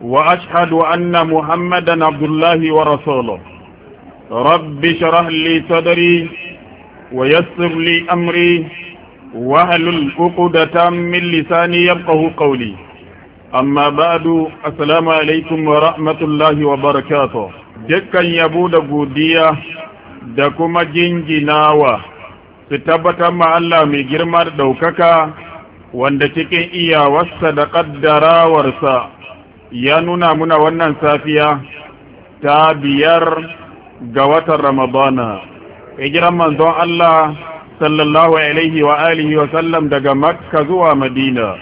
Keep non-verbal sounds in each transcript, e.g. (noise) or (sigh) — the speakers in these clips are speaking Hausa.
وأشهد أن محمدا عبد الله ورسوله رب شرح لي صدري ويسر لي أمري وهل الأقدة من لساني يبقه قولي أما بعد السلام عليكم ورحمة الله وبركاته dukkan yabo da godiya da kuma jinjinawa su tabbatar ma Allah mai girma da ɗaukaka wanda cikin iyawarsa da ƙaddarawarsa ya nuna muna wannan safiya ta biyar ga watan ramadana hijiran manzon Allah sallallahu alaihi wa alihi wa sallam daga makka zuwa madina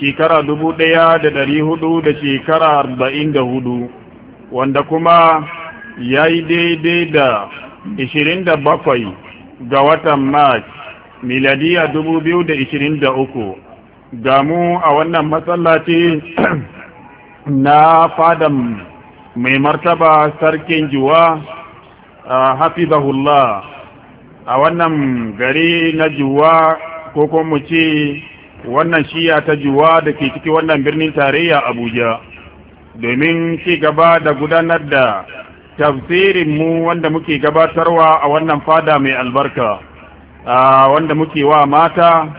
shekara dubu ɗaya da dari hudu da shekara arba'in da hudu wanda kuma ya yi daidai da ishirin da bakwai ga watan mars miladiya dubu biyu da ishirin da uku gamu a wannan matsalaci (clears throat) na fadan mai martaba sarkin juwa hafizahullah a wannan gari na juwa ko kuma mu ce wannan shiya ta juwa da ke ciki wannan birnin tarayya abuja domin ci gaba da gudanar da tafsirinmu wanda muke gabatarwa a wannan fada mai albarka wanda muke wa mata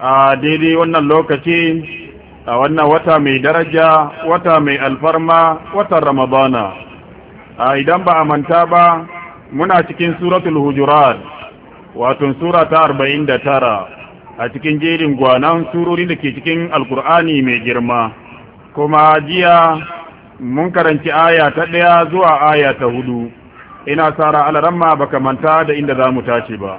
a daidai wannan lokaci a wannan wata mai daraja wata mai alfarma watan ramadana a idan ba a manta ba muna cikin suratul hujurat wato sura ta arba'in da tara, a cikin jerin gwanan surori da ke cikin alkur'ani mai girma kuma jiya mun karanci aya ta ɗaya zuwa aya ta hudu ina tsara alaramma baka manta da inda za mu tace ba.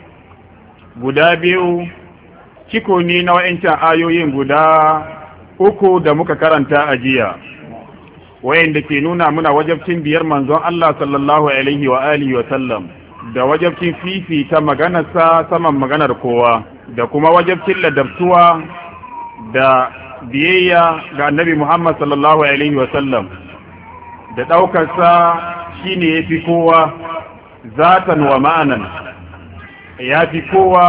guda biyu ciko ne na wa'incan ayoyin guda uku da muka karanta a jiya wayanda ke nuna muna wajabcin biyar manzon Allah sallallahu alaihi wa alihi wa sallam da wajabcin fifi ta maganarsa saman maganar kowa da kuma wajabcin ladabtuwa da biyayya ga annabi Muhammad sallallahu alaihi wa sallam da ɗaukarsa shine yafi kowa zatan wa ma'anan ya fi kowa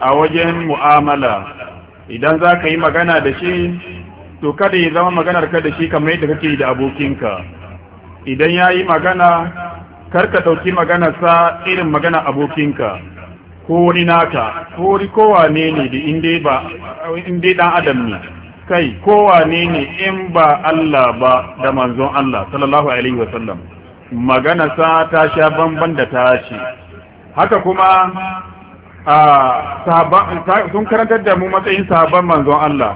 a wajen mu'amala idan za ka yi magana da shi to kada ya zama maganar ka da shi kamar yadda kake da abokinka idan ya yi magana kar ka ɗauki maganarsa irin magana abokinka ko wani naka ko wani kowane ne da inda ba dan adam ne kai kowane ne in ba Allah ba da manzon Allah sallallahu alaihi wasallam maganarsa ta sha bamban da ta ce haka kuma sun karantar da mu matsayin sahabban manzon Allah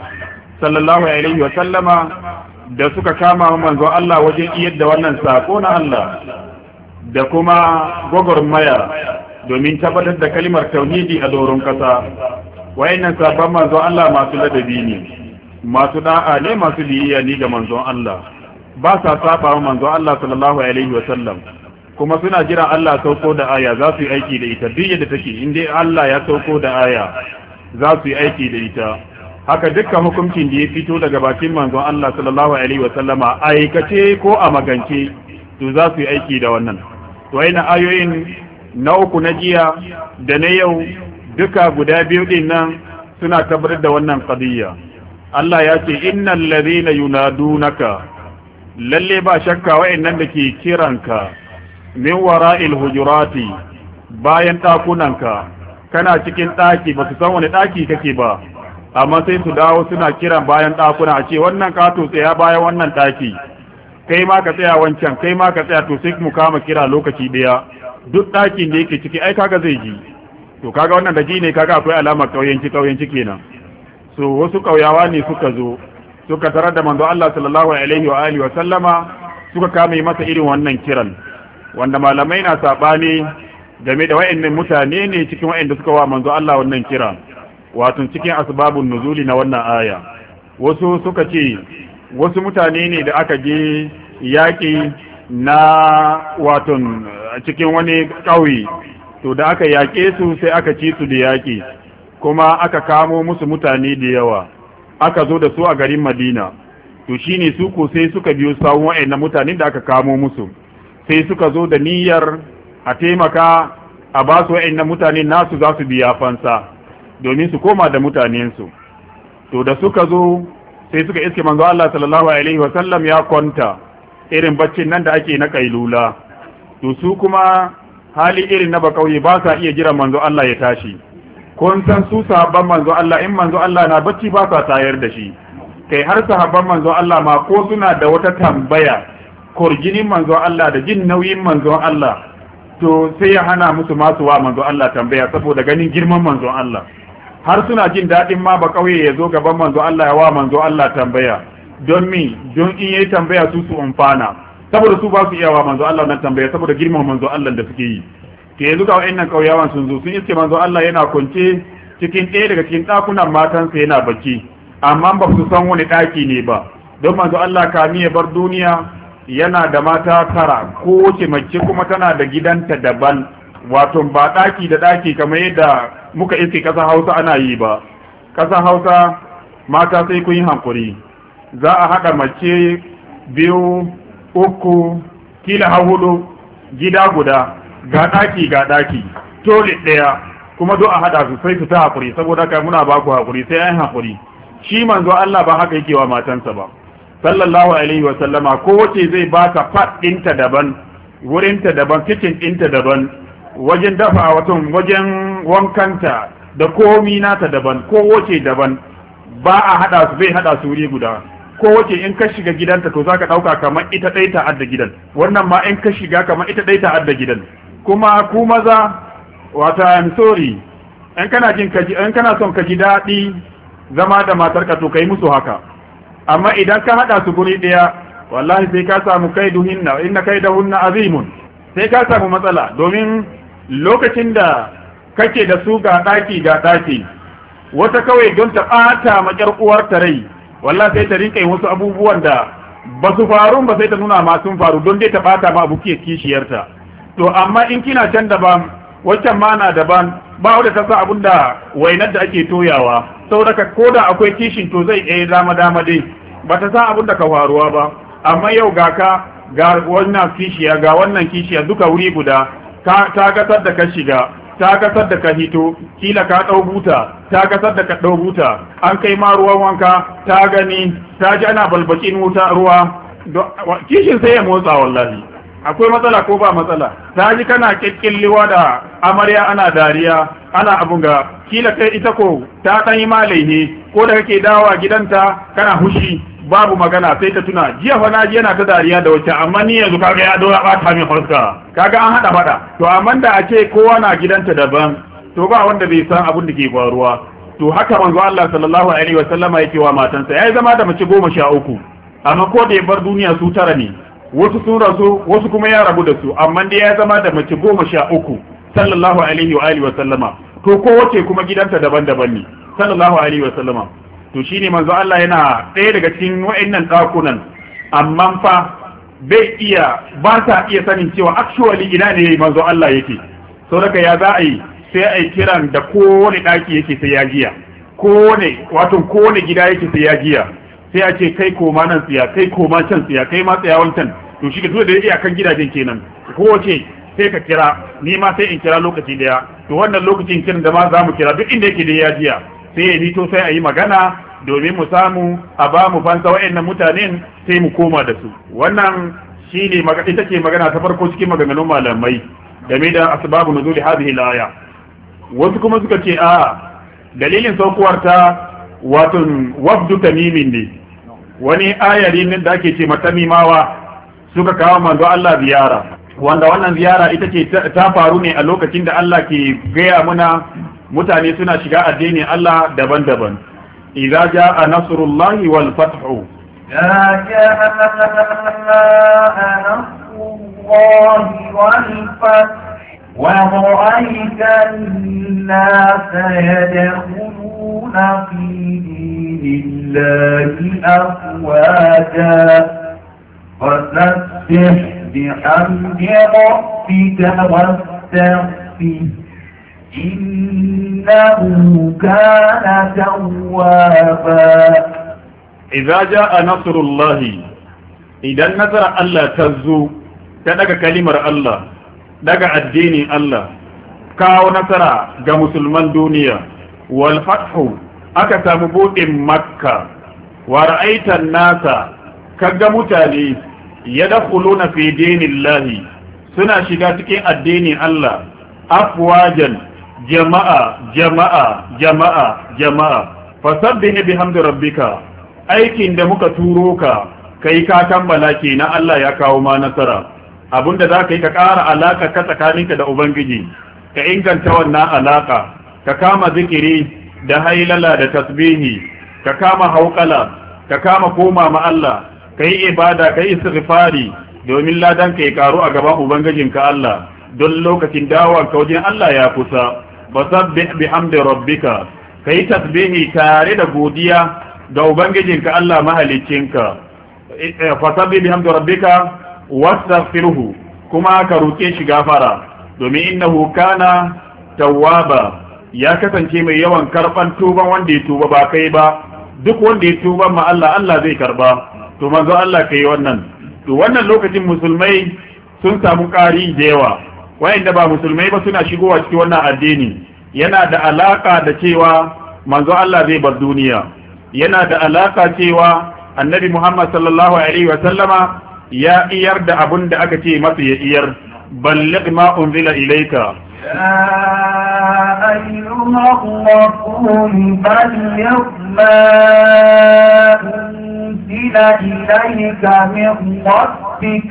sallallahu alaihi wa sallama da suka kama manzon Allah wajen iya da wannan sako na Allah da kuma gwagwarmaya domin tabbatar da kalimar tauhidi a doron kasa wayannan sabon manzon Allah masu ladabi ne masu da'a ne masu biyayya ne ga manzon Allah ba sa saba manzon Allah sallallahu alaihi wa sallam kuma suna jira Allah sauko da aya za su yi aiki da ita duk yadda take in dai Allah ya sauko da aya za su yi aiki da ita haka dukkan hukuncin da ya fito daga bakin manzon Allah sallallahu alaihi wa sallama aikace ko a magance to za su yi aiki da wannan to ina ayoyin na uku na jiya da na yau duka guda biyu din nan suna tabbatar da wannan qadiyya Allah ya ce innal ladhina yunadunaka lalle ba shakka wa'annan da ke kiranka min wara'il hujurati bayan ɗakunanka kana cikin ɗaki ba su san wani ɗaki kake ba amma sai su dawo suna kiran bayan ɗakuna a ce wannan kato tsaya bayan wannan ɗaki kai ma ka tsaya wancan kai ma ka tsaya to sai mu kama kira lokaci ɗaya duk ɗakin da yake ciki ai kaga zai ji to kaga wannan da ji ne kaga akwai alamar ƙauyenci ƙauyenci kenan so wasu ƙauyawa ne suka zo suka tarar da manzo Allah sallallahu alaihi wa alihi wa sallama suka kame masa irin wannan kiran wanda malamai na sabani game da wayannan mutane ne cikin wayanda suka wa manzo Allah wannan kira wato cikin asbabun nuzuli na wannan aya wasu suka ce wasu mutane ne da aka je yaƙi na wato cikin wani ƙauye to da aka yaƙe su sai aka ci su da yaƙi kuma aka kamo musu mutane da yawa aka zo da su a garin madina to shine su ko sai suka biyo sawun wa'annan mutanen da aka kamo musu sai suka zo da niyyar a taimaka a ba su wa'in mutane nasu za su biya fansa domin su koma da mutanensu to da suka zo sai suka iske manzo Allah sallallahu alaihi wasallam ya kwanta irin baccin nan da ake na kailula to su kuma hali irin na bakauye ba sa iya jira manzo Allah ya tashi kun san su sahabban manzo Allah in manzo Allah na bacci ba sa tayar da shi kai har sahabban manzo Allah ma ko suna da wata tambaya korjinin manzo Allah da jin nauyin manzo Allah to sai ya hana musu masu wa manzo Allah tambaya saboda ganin girman manzo Allah har suna jin daɗin ma ba kauye ya zo gaban manzo Allah ya wa manzo Allah tambaya don mi don in yayi tambaya su su umfana saboda su ba su iya wa manzo Allah nan tambaya saboda girman manzo Allah da suke yi to yanzu ga wayannan kauyawan sun zo sun iske manzo Allah yana kunce cikin ɗaya daga cikin ɗakunan matansa yana bacci amma ba su san wani ɗaki ne ba don manzo Allah kami ya bar duniya yana da mata tara ko wace mace kuma tana da gidanta daban wato ba ɗaki da ɗaki kamar yadda muka iske kasa hausa ana yi ba ƙasa hausa mata sai kun yi hankuri za a haɗa mace biyu uku kila har hudu gida guda ga ɗaki ga ɗaki tole ɗaya kuma duk a haɗa su sai su ta haƙuri saboda kai muna ba ku haƙuri sai an hakuri shi manzo Allah ba haka yake wa matansa ba sallallahu alaihi wa sallama kowace zai baka fat ɗinta daban wurinta daban kicin ɗinta daban wajen dafa watan wajen wankanta da komi nata daban kowace daban ba a hada su bai haɗa su wuri guda kowace in ka shiga gidanta to zaka ɗauka kamar ita ɗai ta adda gidan wannan ma in ka shiga kamar ita ɗai ta adda gidan kuma ku maza wata I'm sorry in kana jin in kana son ka ji daɗi zama da matarka to kai musu haka amma idan ka hada su guri daya wallahi sai ka samu na inna na azimun sai ka samu matsala domin lokacin da kake da su ga daki ga daki wata kawai don ta bata ma uwar ta rai wallahi sai ta rinka wasu abubuwan da ba su faru ba sai ta nuna ma sun faru don dai ta bata ma abuke kishiyarta to amma in kina can daban ma na daban ba wanda ta sa abun da wainar da ake toyawa saboda ko da akwai kishin to zai iya eh, dama dama dai ba ta sa abin da ka faruwa ba amma yau ga ka ga wannan kishiya ga wannan kishiya duka wuri guda ta gasar da ka shiga ta gasar da ka hito kila ka ɗau buta ta gasar da ka ɗau buta an kai ma ruwan wanka ta gani ta ji ana balbakin wuta ruwa kishin sai ya motsa wallahi akwai matsala ko ba matsala ta ji kana kikkilliwa da amarya ana dariya ana abun ga kila kai ita ko ta ɗan yi ko da kake dawa gidanta kana hushi babu magana sai ta tuna jiya fa na yana ta dariya da wacce amma ni yanzu kaga ya dora bata min kaga an hada fada to amma da a ce kowa na gidanta daban to ba wanda bai san abin da ke faruwa to haka manzo Allah sallallahu alaihi wa sallama yake wa matansa yayi zama da mace goma sha uku amma ko da ya bar duniya su tara ne wasu sun rasu wasu kuma ya rabu da su amma dai ya zama da mace goma sha uku sallallahu alaihi wa alihi wa sallama to kowace kuma gidanta daban-daban ne sallallahu alaihi wa sallama to shine manzo Allah yana ɗaya daga cikin wa'annan ɗakunan amma fa bai iya ba ta iya sanin cewa actually ina ne manzo Allah yake sau daga ya za a yi sai a yi kiran da kowane ɗaki yake sai ya jiya kowane wato kowane gida yake sai ya jiya sai a ce kai koma nan tsiya kai koma can tsiya kai ma tsaya wancan to shi ka da iya kan gidajen kenan kowace sai ka kira ni ma sai in kira lokaci daya to wannan lokacin kiran da ma za mu kira duk inda yake da ya jiya sai ya hito sai a yi magana domin mu samu a ba mu fansa wa'annan mutanen sai mu koma da su wannan shi ne ita ce magana ta farko cikin maganganun malamai game da na nuzuli hadhihi al laya. wasu kuma suka ce a dalilin saukuwar ta wato wafdu tamimin ne wani ayari ne da ake ce matamimawa suka kawo manzo Allah ziyara wanda wannan ziyara ita ce ta faru ne a lokacin da Allah ke gaya muna mutane suna shiga addinin Allah daban-daban idza jaa nasrullahi wal fathu ya jaa nasrullahi wal fathu ورأيت الناس يدخلون في دين الله أفواجا فسبح بحمد ربك واستغفره إذا جاء نصر الله إذا نصر الله تزو تدق كلمة الله دق الدين الله كاو نصر كمسلمان دنيا والفتح أكتم بود مكة ورأيت الناس كجمتالي يدخلون في دين الله suna shiga الدين الله أفواجا jama'a jama'a jama'a jama'a fasabbih bihamdi rabbika aikin da muka turo ka kai ka kammala kenan Allah ya kawo ma nasara abinda za ka yi ka ƙara alaka ka tsakaninka da ubangiji ka inganta wannan alaka ka kama zikiri da hailala da tasbihi ka kama haukala ka kama koma ma Allah ka ibada ka yi istighfari domin ladan kai ya karu a gaban ubangijinka Allah don lokacin dawa ka wajen Allah ya kusa fasabbih bihamdi rabbika kai tasbihi tare da godiya ga ubangijinka Allah mahalicinka eh, fasabbih bihamdi rabbika wastaghfirhu kuma ka roke shi gafara domin innahu kana tawwaba ya kasance mai yawan karban tuban wanda ya tuba ba kai ba duk wanda ya tuba ma Allah Allah zai karba to manzo Allah kai wannan to wannan lokacin musulmai sun samu ƙari da yawa wayanda ba musulmai ba suna shigowa cikin wannan addini yana da alaka da cewa manzo Allah zai bar duniya yana da alaka cewa annabi Muhammad sallallahu alaihi wa sallama ya iyar da abun da aka ce masa ya iyar balligh ma unzila ilayka أيها الرسول بلغ ما أنزل إليك من ربك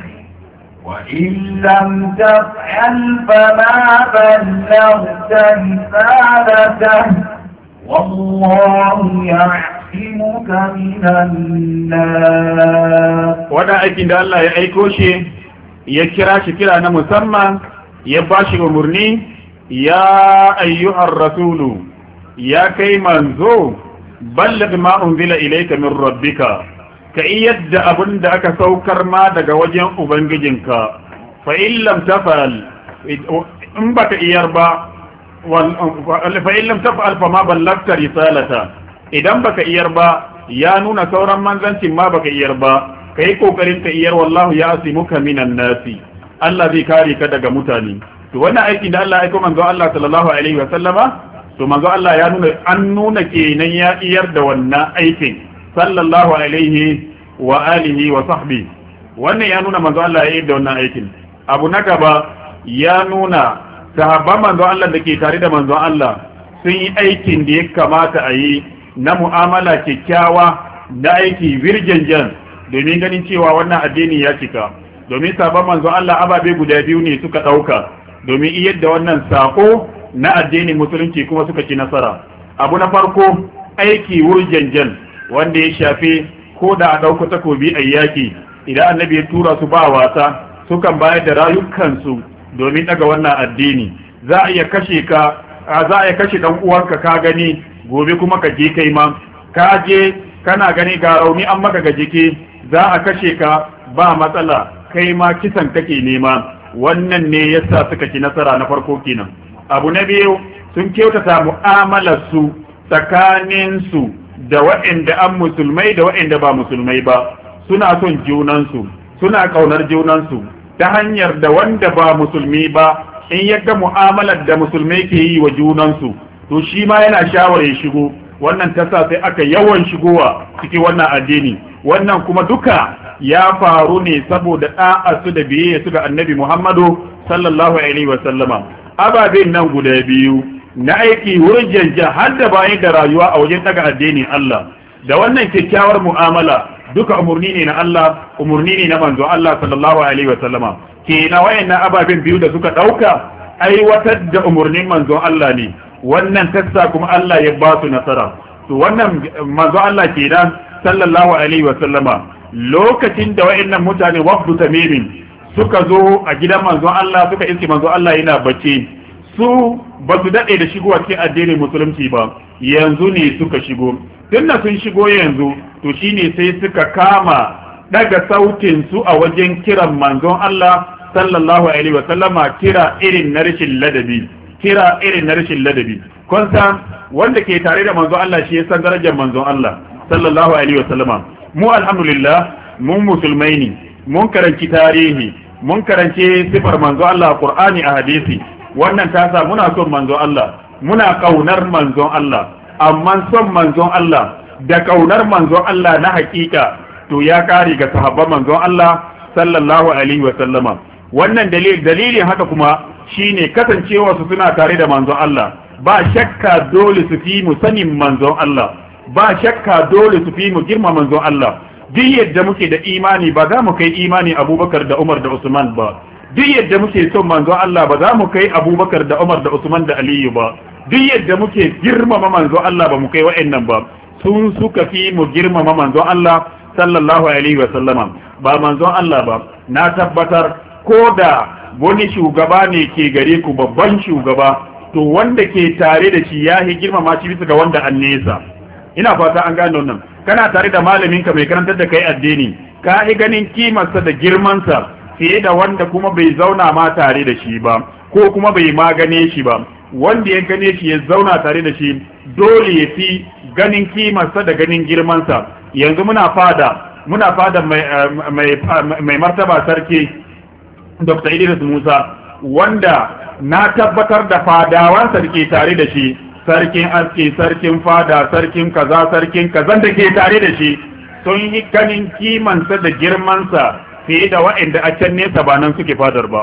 وإن لم تفعل فما بلغت رسالته والله يحسمك من الناس ودا أيكي دا الله يا كراشي كرا أنا مسمى يا يباشي ومرني يا أيها الرسول يا كيمان زو بلغ ما أنزل إليك من ربك ka iyar da abin da aka saukar ma daga wajen ubangijinka fa illam tafal in baka iyar ba fa illam tafal fa ma ballagta risalata idan baka iyar ba ya nuna sauran manzancin ma baka iyar ba kai kokarin ka iyar wallahu ya asimuka minan nasi Allah zai kare ka daga mutane to wannan aiki da Allah ya aika manzo Allah sallallahu alaihi wa sallama to manzo Allah ya nuna an nuna kenan ya iyar da wannan aikin sallallahu alaihi wa alihi wa sahbi wannan ya nuna manzo Allah ya yi da wannan aikin abu na gaba ya nuna sahabban manzo Allah da ke tare da manzo Allah sun yi aikin da ya kamata a yi na mu'amala kyakkyawa na aiki virginjan domin ganin cewa wannan addini ya cika domin sahabban manzo Allah ababe guda biyu ne suka ɗauka domin iyar da wannan sako na addinin musulunci kuma suka ci nasara abu na farko aiki wurjanjan wanda ya shafi ko da a ɗauko takobi a yaƙi idan annabi ya tura su ba wasa sukan bayar da rayukansu domin ɗaga wannan addini za a iya kashe ka za a iya kashe ɗan uwanka ka gani gobe kuma ka je kai ma ka je kana gani ga rauni an maka ga jiki za a kashe ka ba matsala kai ma kisan kake nema wannan ne yasa suka ci nasara na farko kenan abu na biyu sun kyautata mu'amalar su tsakanin su da waɗanda an musulmai da waɗanda ba musulmai ba suna son junansu suna ƙaunar junansu ta hanyar da wanda ba musulmi ba in yadda mu'amalar da musulmai ke yi wa junansu to shi ma yana ya shigo wannan tasa sai aka yawan shigowa cikin wannan addini wannan kuma duka ya faru ne saboda da'a su da biyayya su ga annabi Muhammadu sallallahu alaihi wa sallama ababen nan guda biyu na aiki wurin janja har da bayan da rayuwa a wajen daga addinin Allah da wannan kyakkyawar mu'amala duka umurni ne na Allah umurni ne na manzo Allah sallallahu alaihi wa sallama. Ke na wayannan ababen biyu da suka dauka aiwatar da umurnin manzo Allah ne wannan tassa kuma Allah ya ba su nasara to wannan manzo Allah kenan sallallahu alaihi wa sallama. lokacin da wayannan mutane wafdu tamimin suka zo a gidan manzo Allah suka iske manzo Allah yana bacci su ba su daɗe da shigowa cikin addinin musulunci ba yanzu ne suka shigo tunda sun shigo yanzu to shine sai suka kama daga sautin su a wajen kiran manzon Allah sallallahu alaihi wa sallama kira irin na rashin ladabi kira irin na rashin ladabi kun wanda ke tare da manzon Allah shi ya san darajar manzon Allah sallallahu alaihi wa sallama mu alhamdulillah mun musulmai ne mun karanci tarihi mun karanci sifar manzon Allah Qur'ani a hadisi wannan ta sa muna son manzon Allah muna kaunar manzon Allah amma son manzon Allah da kaunar manzon Allah na hakika to ya kare ga sahabban manzon Allah sallallahu alaihi wa sallama wannan dalil dalilin haka kuma shine kasancewa su suna tare da manzon Allah ba shakka dole su fi mu sanin manzon Allah ba shakka dole su fi mu girma manzon Allah duk yadda muke da imani ba za mu kai imani Abubakar da Umar da Usman ba duk yadda muke son manzon Allah ba za mu kai Abubakar da Umar da Usman da Aliyu ba duk yadda muke girmama manzo Allah ba mu kai wa'annan ba sun suka fi mu girmama manzo Allah sallallahu alaihi wa sallama ba manzo Allah ba na tabbatar ko da wani shugaba ne ke gare ku babban shugaba to wanda ke tare da shi ya yi girmama shi bisa ga wanda an nesa ina fata an gano nan kana tare da malamin ka mai karantar da kai addini ka yi ganin kimarsa da girmansa fiye da wanda kuma bai zauna ma tare da shi ba ko kuma bai magane shi ba wanda ya gane shi ya zauna tare da shi dole ya fi ganin kimarsa da ganin girmansa yanzu muna fada muna fada mai eh, eh, martaba sarki dr idris musa wanda na tabbatar da fadawansa da tare da shi sarkin aski sarkin fada sarkin kaza sarkin kazan da ke tare da shi sun yi ganin kimansa da girmansa fiye da waɗanda a can nesa ba nan suke fadar ba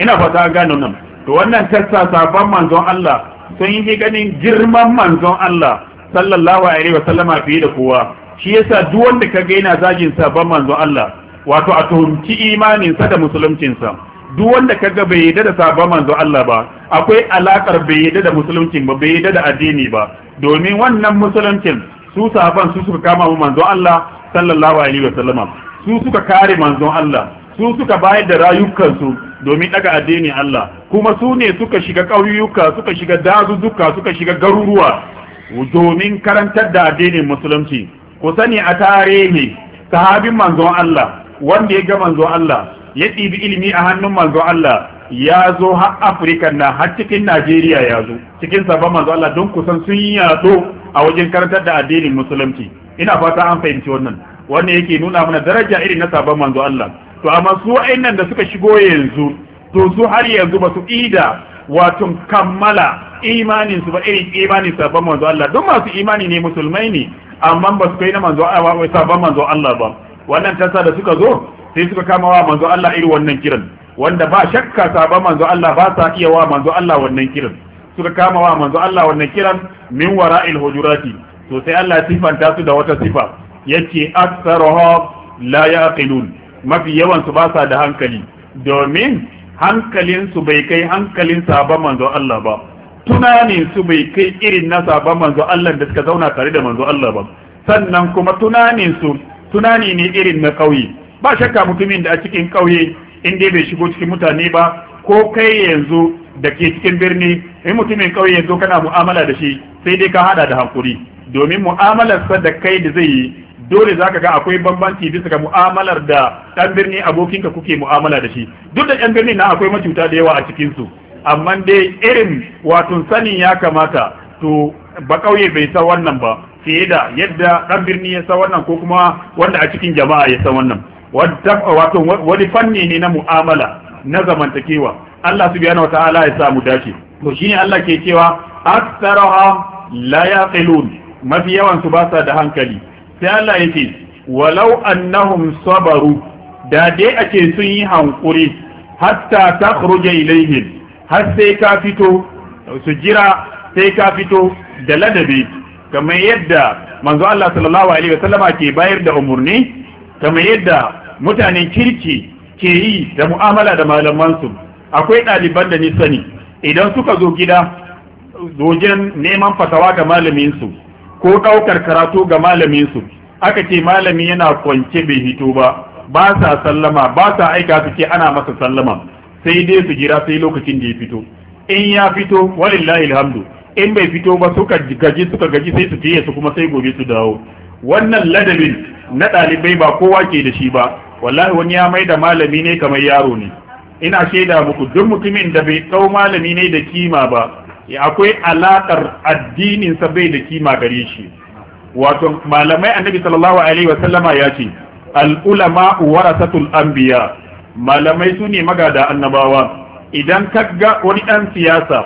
ina fata an gano nan to wannan tassa sabon manzon Allah sun yi ganin girman manzon Allah sallallahu alaihi wa sallama fiye da kowa shi yasa duk wanda ka ga yana zagin sabon manzon Allah wato a tuhumci imaninsa da musuluncinsa duk wanda ka ga bai yi da sabon manzon Allah ba akwai alakar bai yarda da musuluncin ba bai yi da addini ba domin wannan musuluncin su sabon su suka kama mu manzon Allah sallallahu alaihi wa sallama su suka kare manzon Allah su suka bayar da rayukansu domin daga addinin Allah kuma su ne suka shiga ƙauyuka suka shiga dazuzzuka suka shiga garuruwa domin karantar da addinin musulunci ku sani a tarihi sahabin manzon Allah wanda ya ga manzon Allah ya ɗibi ilimi a hannun manzon Allah ya zo har Afirka na har cikin Najeriya ya zo cikin sabon manzon Allah don kusan sun yi yaɗo a wajen karantar da addinin musulunci ina fata an fahimci wannan wannan yake nuna mana daraja irin na sabon manzo Allah to amma su wa'annan da suka shigo yanzu to su har yanzu ba su ida wato kammala imanin su ba irin imanin sabon manzo Allah duk masu imani ne musulmai ne amma ba su kai na manzo Allah sabon manzo Allah ba wannan tasa da suka zo sai suka kama wa manzo Allah irin wannan kiran wanda ba shakka sabon manzo Allah ba sa iya wa manzo Allah wannan kiran suka kama wa manzo Allah wannan kiran min wara'il hujurati to sai Allah sifanta su da wata sifa yace aktharuhum la yaqilun mafi yawan su ba sa da hankali domin hankalin su bai kai hankalin sabon manzo Allah ba tunanin su bai kai irin na sabon manzo Allah da suka zauna tare da manzo Allah ba sannan kuma tunanin su tunani ne irin na kauye ba shakka mutumin da a cikin kauye in dai bai shigo cikin mutane ba ko kai yanzu da ke cikin birni in mutumin kauye yanzu kana mu'amala da shi sai dai ka hada da hankuri domin mu'amalar sa da kai da zai yi dole zaka ga akwai bambanci bisa ga mu'amalar da ɗan birni abokinka kuke mu'amala da shi duk da ɗan birni na akwai macuta da yawa a cikin su amma dai irin wato sanin ya kamata to ba kauye bai san wannan ba fiye da yadda ɗan birni ya san wannan ko kuma wanda a cikin jama'a ya san wannan wato wani fanni ne na mu'amala na zamantakewa Allah subhanahu wataala ya sa mu dace to shine Allah ke cewa aktharuhum la yaqilun mafi yawan su ba sa da hankali sai Allah ya ce walau annahum sabaru da dai a ce sun yi hankuri hatta ta ilaihim har sai ka fito su jira sai ka fito da ladabi kamar yadda manzo Allah sallallahu alaihi wa sallama ke bayar da umurni kamar yadda mutanen kirki ke yi da mu'amala da malamansu akwai ɗaliban da ni sani idan suka zo gida wajen neman fatawa ga malaminsu ko ɗaukar karatu ga malaminsu aka ce malami yana kwance bai hito ba ba sa sallama ba sa aika su ce ana masa sallama sai dai su jira sai lokacin da ya fito in ya fito walillahi alhamdu in bai fito ba suka gaji suka gaji sai su tiye su kuma sai gobe su dawo wannan ladabin na ɗalibai ba kowa ke da shi ba wallahi wani ya mai da malami ne kamar yaro ne ina shaida muku duk mutumin da bai tsau malami ne da kima ba akwai alaƙar addininsa bai da kima gare shi wato malamai annabi sallallahu alaihi wa sallama ya ce al'ulama warasatul anbiya malamai su ne magada annabawa idan ka ga wani dan siyasa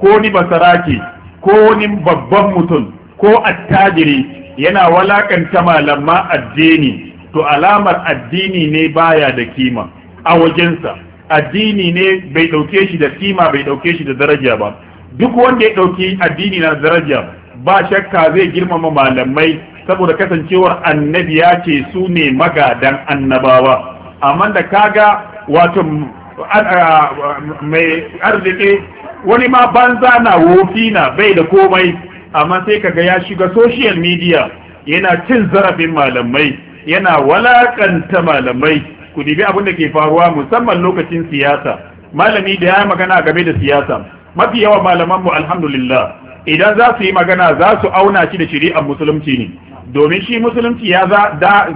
ko ni basaraki ko wani babban mutum ko attajiri yana walakanta malama addini to alamar addini ne baya da kima a wajensa addini ne bai ɗauke shi da kima bai ɗauke shi da daraja ba duk wanda ya ɗauki addini na daraja ba shakka zai girmama malamai saboda kasancewar annabi ya ce su ne magadan annabawa amma da kaga wato mai arziki wani ma banza na wofi na bai da komai amma sai kaga ya shiga social media yana cin zarafin malamai yana walakanta malamai ku dibi abin da ke faruwa musamman lokacin siyasa malami da ya magana game da siyasa mafi yawa malamanmu alhamdulillah idan za su yi magana za su auna shi da shari'ar musulunci ne domin shi musulunci ya za da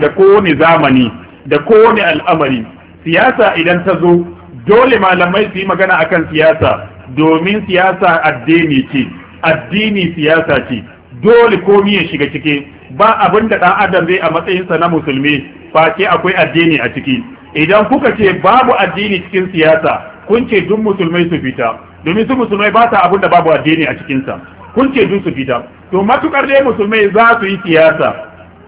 da kowane zamani da kowane al'amari siyasa idan ta zo dole malamai su yi magana akan siyasa domin siyasa addini ce addini siyasa ce dole komi ya shiga ciki ba abin da ɗan adam zai a matsayin sa na musulmi face akwai addini a ciki idan kuka ce babu addini cikin siyasa kun ce duk musulmai su fita domin su musulmai ba sa abin da babu addini a cikinsa kun ce dun su fita to matukar dai musulmai za su yi siyasa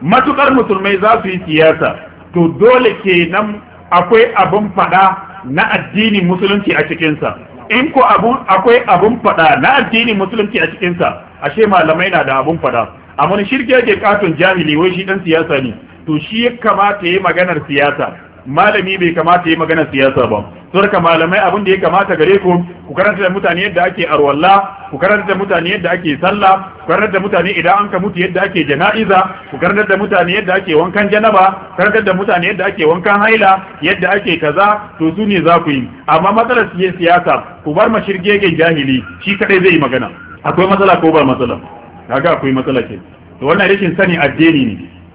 matukar musulmai za su yi siyasa to dole kenan akwai abin fada na addinin musulunci a cikinsa in ko abun akwai abun fada na addinin musulunci a cikinsa ashe malamai na da abun fada amma shirke ke katon jahili wai shi dan siyasa ne to shi ya kamata ya yi maganar siyasa malami bai kamata yi magana siyasa ba ka malamai abin da ya kamata gare ku ku karanta da mutane yadda ake arwalla ku karanta da mutane yadda ake sallah ku karanta da mutane idan an ka mutu yadda ake jana'iza ku karanta da mutane yadda ake wankan janaba karanta da mutane yadda ake wankan haila yadda ake kaza to su ne za ku yi amma matsalar siyasa ku bar mashirgegen jahili shi kadai zai yi magana akwai matsala ko ba matsala kaga akwai matsala ke to wannan rashin sani addini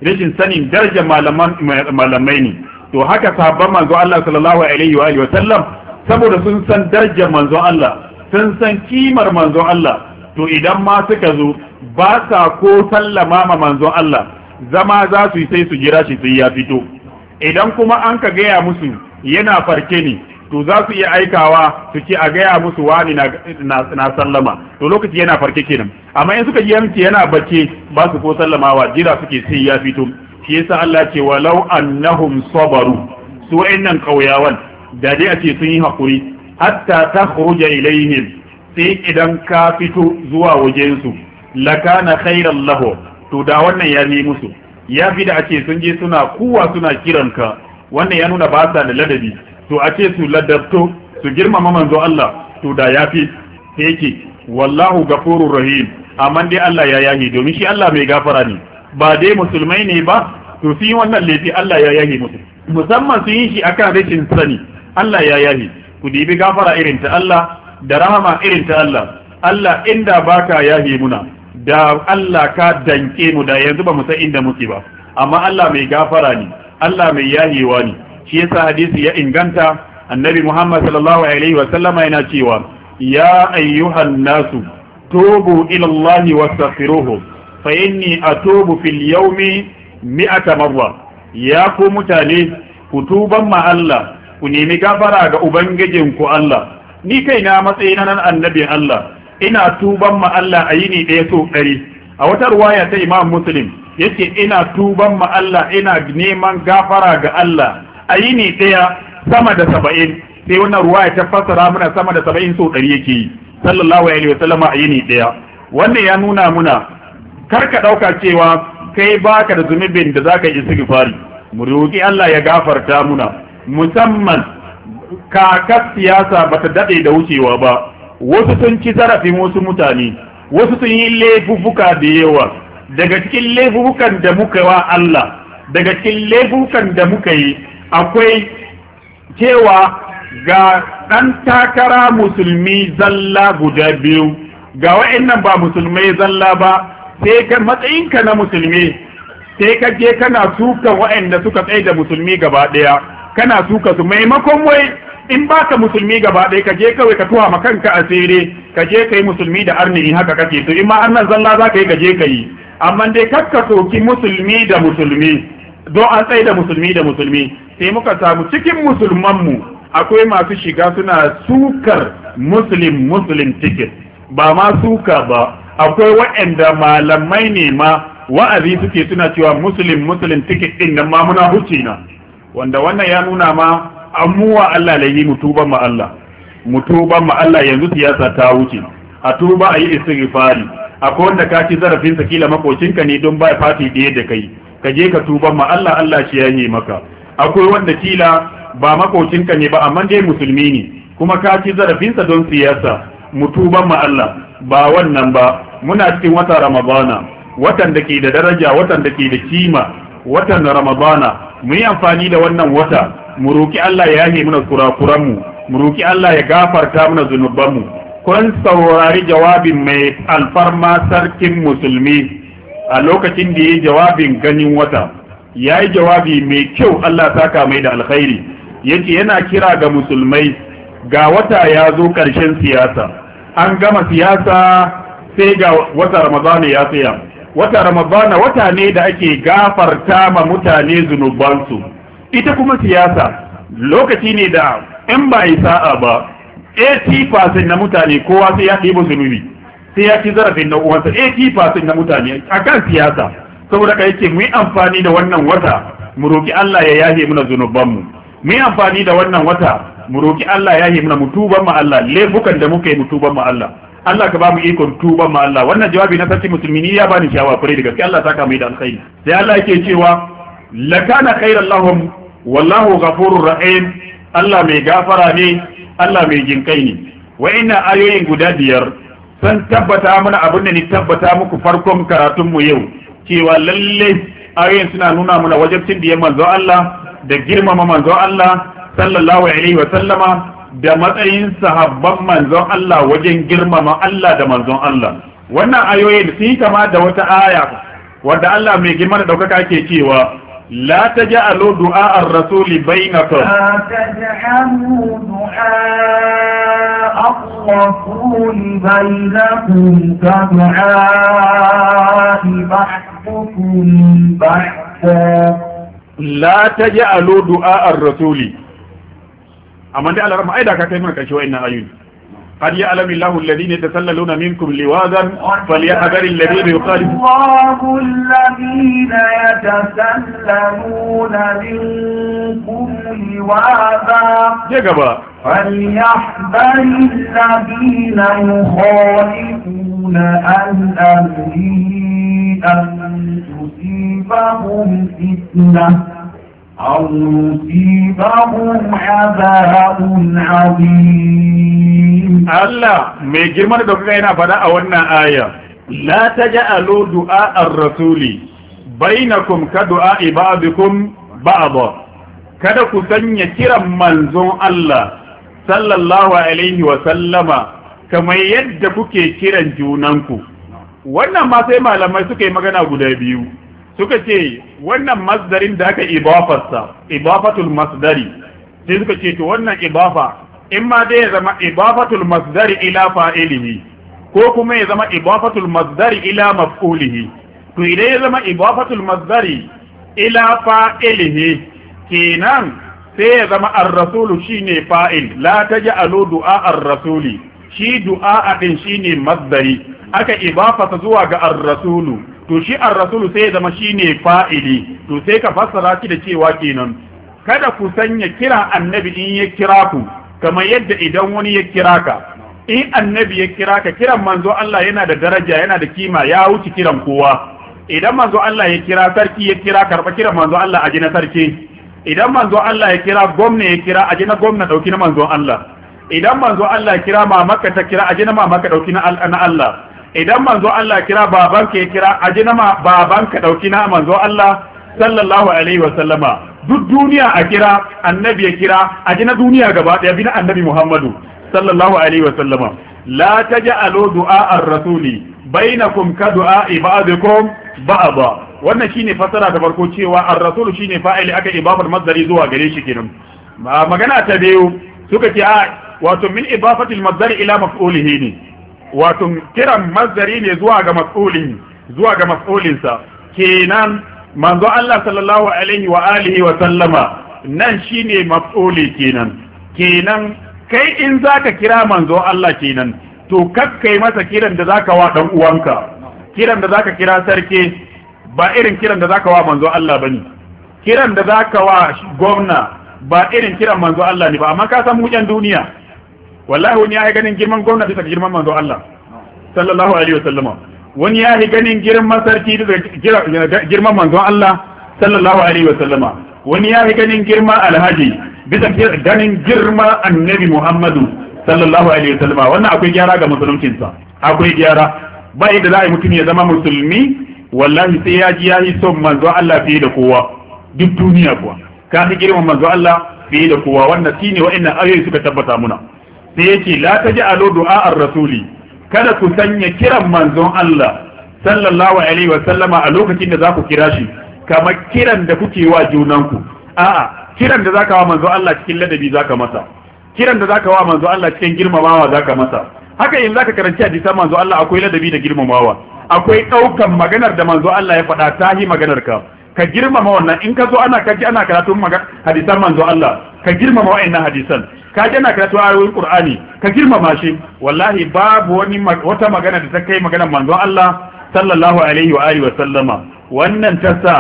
ne rashin sanin darajar malamai ne to haka sabban manzo Allah sallallahu alaihi wa alihi wa sallam saboda sun san darajar manzo Allah sun san kimar manzo Allah to idan ma suka zo ba sa ko sallama ma manzo Allah zama za su yi sai su jira shi sai ya fito idan kuma an ka gaya musu yana farke ne to za su iya aikawa su ce a gaya musu wani na, sallama to lokaci yana farke kenan amma in suka yanke yana bacci ba su ko sallamawa jira suke sai ya fito shi yasa Allah ce walau annahum sabaru su wayannan kauyawan da dai a ce sun yi hakuri hatta ta khuruja ilaihim sai idan ka fito zuwa wajensu lakana khairan lahu to da wannan ya yi musu ya fi da a ce sun je suna kuwa suna kiranka wannan ya nuna ba sa da ladabi to a ce su ladabto su girmama manzo Allah to da ya fi sai yake wallahu gafurur rahim amma dai Allah ya yahi domin shi Allah mai gafara ne ba dai musulmai ne ba to sun yi wannan laifi Allah ya yahi musu musamman sun yi shi akan rashin sani Allah ya yahi ku dibi gafara irin ta Allah da rahama irin ta Allah Allah inda baka yahi muna da Allah ka danke mu da yanzu ba mu san inda muke ba amma Allah mai gafara ne Allah mai yahewa ne shi yasa hadisi ya inganta annabi Muhammad sallallahu alaihi wa sallama yana cewa ya ayyuhan nasu tubu ila Allah wastaghfiruhu fa a Tobu fil yaumi mi'ata marra ya ku mutane ku tuban ma Allah ku nemi gafara ga ubangijin ku Allah ni kaina na nan annabi Allah ina tuban ma Allah a yini ɗaya so ɗari a wata ruwaya ta Imam Muslim yace ina tuban ma Allah ina neman gafara ga Allah a yini ɗaya sama da saba'in sai wannan ruwaya ta fassara muna sama da saba'in so ɗari yake yi sallallahu alaihi wa sallama a yini ɗaya wannan ya nuna muna kar ka ɗauka cewa kai baka da zunubin da zaka yi istighfari mu roƙi Allah ya gafarta muna musamman kaka siyasa bata daɗe da wucewa ba wasu sun ci zarafin wasu mutane wasu sun yi laifuka da yawa daga cikin laifukan da muka wa Allah daga cikin laifukan da muka yi akwai cewa ga ɗan takara musulmi zalla guda biyu ga wa'annan ba musulmai zalla ba sai ka matsayinka na musulmi sai ka je kana suka waɗanda suka tsaye da musulmi gaba ɗaya kana suka su maimakon wai in baka musulmi gaba ɗaya ka je kawai ka tuwa ma kanka asiri ka je ka musulmi da arni in haka kake to in ma annan zalla za ka yi ka je ka yi amma dai kakka soki musulmi da musulmi don an tsaye da musulmi da musulmi sai muka samu cikin musulmanmu akwai masu shiga suna sukar muslim muslim ticket ba ma suka ba akwai waɗanda malamai ne ma wa'azi suke suna cewa muslim muslim ticket din nan ma muna huce na wanda wannan ya nuna ma amuwa Allah laihi mutuban ma Allah mutuban ma Allah yanzu siyasa ta wuce a tuba ayi yi istighfari akwai wanda ka ci zarafin sa kila makocinka ne don ba fati ɗaya da kai ka je ka tuba ma Allah Allah shi ya maka akwai wanda kila ba makocinka ne ba amma dai musulmi ne kuma ka ci zarafinsa don siyasa mutuban ma Allah ba wannan ba muna cikin wata ramadana watan da ke da daraja watan da ke da kima watan ramadana mu yi amfani da wannan wata mu roki Allah ya yi mana kurakuranmu mu roki Allah ya gafarta mana zunubanmu kun saurari jawabin mai alfarma sarkin musulmi a lokacin da ya yi jawabin ganin wata ya yi jawabi mai kyau Allah saka mai da alkhairi yace yana kira ga musulmai ga wata ya zo ƙarshen siyasa an gama siyasa sai ga wata ramadana ya tsaya wata ramadana wata ne da ake gafarta ma mutane zunubansu ita kuma siyasa lokaci ne da in ba yi sa'a ba 80% na mutane kowa sai ya ɗebo zunubi sai ya ci zarafin na uwansa 80% na mutane a kan siyasa saboda ka yake mu yi amfani da wannan wata mu roƙi Allah ya yahe muna zunubanmu mu yi amfani da wannan wata mu roki Allah ya yi muna mu tuba ma Allah laifukan da muka yi mu tuba ma Allah Allah ka ba mu ikon tuba ma Allah wannan jawabi na sarki musulmi ni ya bani shawa fure da gaske Allah saka mai da alkhairi sai Allah yake cewa lakana khairan lahum wallahu ghafurur rahim Allah mai gafara ne Allah mai jinkai ne wa ina ayoyin guda biyar san tabbata mana abin da ni tabbata muku farkon karatun mu yau cewa lalle ayoyin suna nuna mana wajabcin da manzo Allah da girmama manzo Allah sallallahu alaihi wa sallama da matsayin sahabban manzon Allah wajen girmama Allah da manzon Allah wannan ayoyin sun kama da wata aya wanda Allah mai girma da daukaka ke cewa لا تجعلوا دعاء الرسول بينكم لا تجعلوا دعاء الرسول بينكم كدعاء بعضكم بعضا لا تجعلوا دعاء الرسول أما dai Allah rahma ai da ka kai mana قد يعلم الله الذين يتسللون منكم لواذا فليحذر الذين يخالفون الله الذين يتسللون منكم لواذا جاكبا فليحذر الذين يخالفون عن أن تصيبهم فتنة أو يصيبهم عذاب عظيم الله mai girma da kuka yana faɗa a wannan aya la taj'alu du'a ar-rasuli bainakum ka du'a ba'dikum ba'd kada ku sanya kiran manzon Allah sallallahu alaihi wa sallama kamar yadda kuke kiran junanku wannan ma sai malamai suka yi magana guda biyu suka ce wannan masdarin da aka ibafarsa ibafatul masdari sai suka ce to wannan ibafa in ma dai ya zama ibafatul masdari ila fa'ilihi ko kuma ya zama ibafatul masdari ila maf'ulihi to idan ya zama ibafatul masdari ila fa'ilihi kenan sai ya zama ar-rasulu shine fa'il la taj'alu du'a ar-rasuli shi du'a din shine masdari aka ibafasa zuwa ga ar-rasulu to shi ar-rasulu sai zama shine fa'ili to sai ka fassara shi da cewa kenan kada ku sanya kira annabi in ya kira ku kamar yadda idan wani ya kira ka in annabi ya kira ka kiran manzo Allah yana da daraja yana da kima ya wuce kiran kowa idan manzo Allah ya kira sarki ya kira karba kiran manzo Allah a na sarki idan manzo Allah ya kira gwamna ya kira a na gwamna dauki na manzo Allah idan manzo Allah ya kira mamaka ta kira a na mamaka dauki na Allah idan manzo Allah kira babanka ya kira aji nama babanka dauki na manzo Allah sallallahu alaihi wa sallama duk duniya a kira annabi ya kira aje na duniya gaba daya bi na annabi Muhammadu sallallahu alaihi wa sallama la taj'alu du'a ar-rasuli bainakum ka du'a ba'dikum ba'da wannan shine fasara ta farko cewa ar-rasul shine fa'ili aka ibafar masdari zuwa gare shi kenan magana ta biyu suka ce a wato min ibafatil masdari ila maf'ulihi ne wato kiran mazari ne zuwa ga mas'ulin zuwa ga mas'ulinsa kenan manzo Allah sallallahu alaihi wa alihi wa sallama nan shine mas'uli kenan kenan kai in zaka kira manzo Allah kenan to kakkai masa kiran da zaka wa dan uwanka kiran da zaka kira sarki ba irin kiran da zaka wa manzo Allah bane kiran da zaka wa gwamna ba irin kiran manzo Allah ne ba amma ka san mu duniya wallahi wani ya yi ganin girman gwamnati daga girman manzo Allah sallallahu alaihi wasallama wani ya yi ganin girman sarki bisa girman manzo Allah sallallahu alaihi wasallama wani ya yi ganin girman alhaji bisa ganin girman annabi Muhammadu sallallahu alaihi wasallama wannan akwai gyara ga musuluncinsa akwai gyara ba yadda za a yi mutum ya zama musulmi wallahi sai ya ji ya yi son manzo Allah fiye da kowa duk duniya kuwa ka fi girman manzo Allah fiye da kowa wannan shine wa'annan ayoyi suka tabbata muna sai yake la ji alo du'a'ar rasuli kada ku sanya kiran manzon Allah sallallahu alaihi wa sallama a lokacin da za ku kira shi kamar kiran da kuke wa junanku a'a kiran da zaka wa manzon Allah cikin ladabi zaka masa kiran da zaka wa manzon Allah cikin girmamawa zaka masa haka in zaka karanci hadisi manzon Allah akwai ladabi da girmamawa akwai daukan maganar da manzon Allah ya faɗa tahi maganar ka ka girmama wannan in ka zo ana kaji ana karatu hadisan manzo Allah ka girmama wa'annan hadisan ka ji ana karatu ayoyin Qur'ani ka girmama shi wallahi babu wani wata magana da ta kai magana manzo Allah sallallahu alaihi wa alihi wa sallama wannan ta sa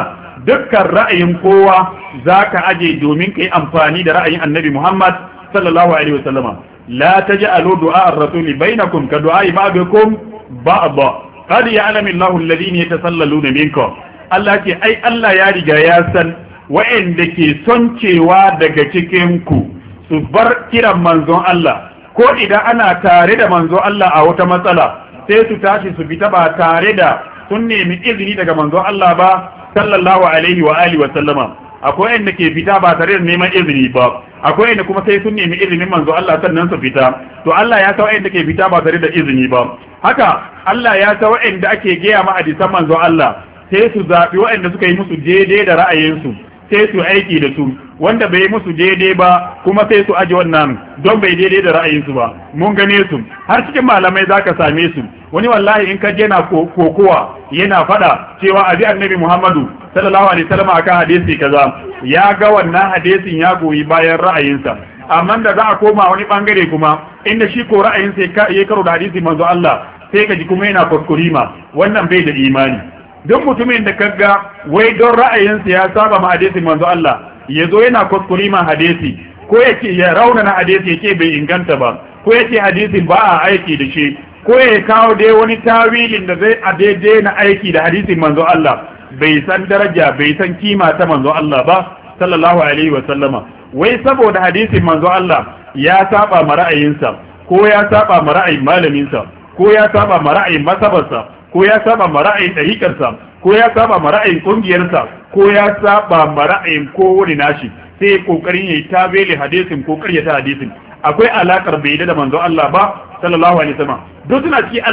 dukkan ra'ayin kowa zaka aje domin kai amfani da ra'ayin Annabi Muhammad sallallahu alaihi wa sallama la taj'alu du'a ar-rasuli bainakum ka du'a ba'dukum ba'd قد يعلم الله الذين يتسللون منكم Allah ce ai Allah ya riga ya san wa'anda ke son cewa daga cikin ku su bar kiran manzon Allah ko idan ana tare da manzon Allah a wata matsala sai su tashi su fita ba tare da sun nemi izini daga manzon Allah ba sallallahu alaihi wa alihi wa sallama akwai wa'anda ke fita ba tare da neman izini ba akwai wa'anda kuma sai sun nemi izinin manzon Allah sannan su fita to Allah ya san wa'anda ke fita ba tare da izini ba haka Allah ya san wa'anda ake gaya ma a manzon Allah sai su zaɓi waɗanda suka yi musu daidai da ra'ayinsu sai su aiki da su wanda bai yi musu daidai ba kuma sai su aji wannan don bai daidai da ra'ayinsu ba mun gane su har cikin malamai ka same su wani wallahi in ka yana kokowa yana faɗa cewa abi annabi Muhammadu sallallahu alaihi wasallam akan hadisi kaza ya ga wannan hadisin ya goyi bayan ra'ayinsa amma da za a koma wani bangare kuma inda shi ko ra'ayinsa ya karo da hadisi manzo Allah sai ka ji kuma yana kuskurima wannan bai da imani duk mutumin da kaga wai don ra'ayinsa ya saba ma hadisin manzo Allah ya zo yana kuskure ma hadisi ko yake ya na hadisi yake bai inganta ba ko yake hadisin ba a aiki da shi ko ya kawo dai wani tawilin da zai a daidai na aiki da hadisin manzo Allah bai san daraja bai san kima ta manzo Allah ba sallallahu alaihi wa sallama wai saboda hadisin manzo Allah ya saba ma ra'ayinsa ko ya saba ma ra'ayin malaminsa ko ya saba ma ra'ayin masabarsa ko ya saba ma ra'ayin ɗariƙarsa ko ya saba ma ra'ayin ƙungiyarsa ko ya saba ma ra'ayin kowane nashi sai ya kokarin yayi bele hadisin ko ta hadisin akwai alakar bai da manzo Allah ba sallallahu alaihi wasallam duk suna ci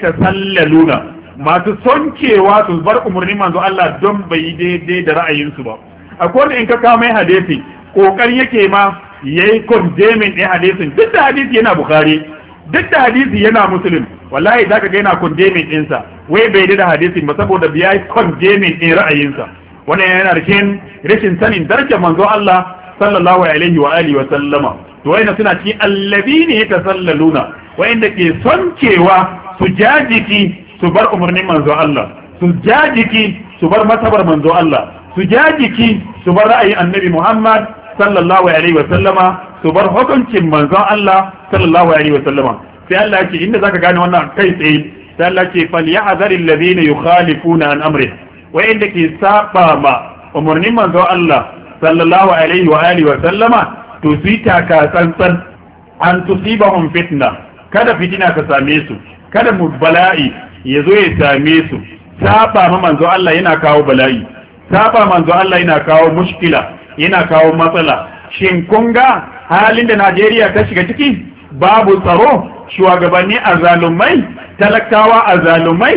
ta sallaluna, masu sonkewa su bar umarnin manzo Allah don bai daidai da ra'ayinsu ba akwai wanda in ka kawo mai hadisi kokarin yake ma yayi condemning ɗin hadisin duk da hadisi yana bukhari duk da hadisi yana muslim wallahi zaka ga yana condemning ɗinsa wai bai da hadisin ba saboda biya condemning ɗin ra'ayinsa wannan yana rikin rashin sanin darajar manzo Allah sallallahu alaihi wa alihi wa sallama to wayna suna cikin allabini yatasallaluna wayanda ke sonkewa su jajiki su bar umarnin manzo Allah su jajiki su bar masabar manzo Allah su jajiki su bar ra'ayin annabi Muhammad sallallahu alaihi wa sallama su bar hukuncin manzo Allah sallallahu alaihi wa sallama sai Allah yake ce inda zaka gane wannan kai tsaye sai Allah ya ce falyahzaril ladina yukhalifuna an amri inda ke saba ma umarnin manzo Allah sallallahu alaihi wa alihi wa sallama to su taka tsantsan an tusibahum fitna kada fitina ka same su kada mu bala'i ya zo ya same su saba ma manzo Allah yana kawo bala'i saba manzo Allah yana kawo mushkila yana kawo matsala shin kun ga halin da Najeriya ta shiga ciki babu tsaro shugabanni zalumai talakawa a zalumai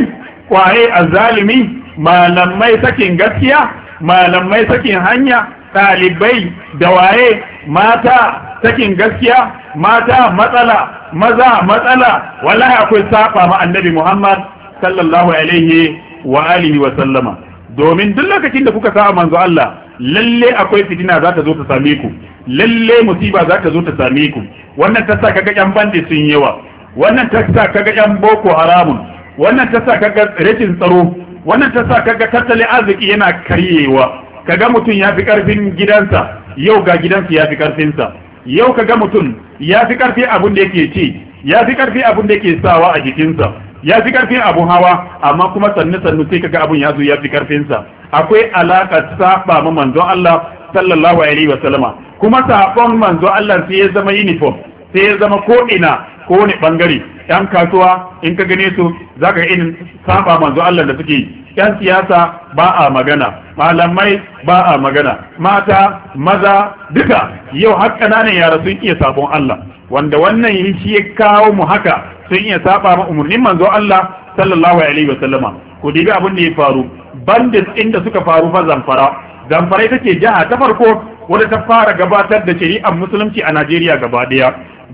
kwaye zalumi malamai sakin gaskiya malamai sakin hanya ɗalibai da waye mata sakin gaskiya mata matsala maza matsala wallahi akwai saba ma annabi Muhammad sallallahu alaihi wa alihi wa sallama domin duk lokacin da kuka saba manzo Allah lalle akwai fitina za ta zo ta same ku lalle musiba za ta zo ta same ku wannan ta sa kaga yan bandi sun yawa wannan ta sa kaga yan boko haramun wannan ta sa kaga rashin tsaro wannan ta sa kaga tattalin arziki yana karyewa kaga mutum ya fi karfin gidansa yau ga gidansa ya fi karfinsa yau kaga mutum ya fi karfi abun da yake ci ya fi karfi abun da yake sawa a jikinsa ya fi karfi abun hawa amma kuma sannu sannu sai kaga abun ya zo ya fi karfinsa akwai alaka saba ma manzon Allah sallallahu alaihi wa kuma sabon manzo Allah sai ya zama uniform sai ya zama ko ina ko wani bangare yan kasuwa in ka gane su zaka ga irin saba manzo Allah da suke yan siyasa ba a magana malamai ba a magana mata maza duka yau har kananan yara sun iya sabon Allah wanda wannan shi ya kawo mu haka sun iya saba ma umurnin manzo Allah sallallahu alaihi wa ku dibi abin da ya faru bandits inda suka faru fa zamfara zamfara ita ce jiha ta farko wadda ta fara gabatar da shari'ar musulunci a najeriya gaba daya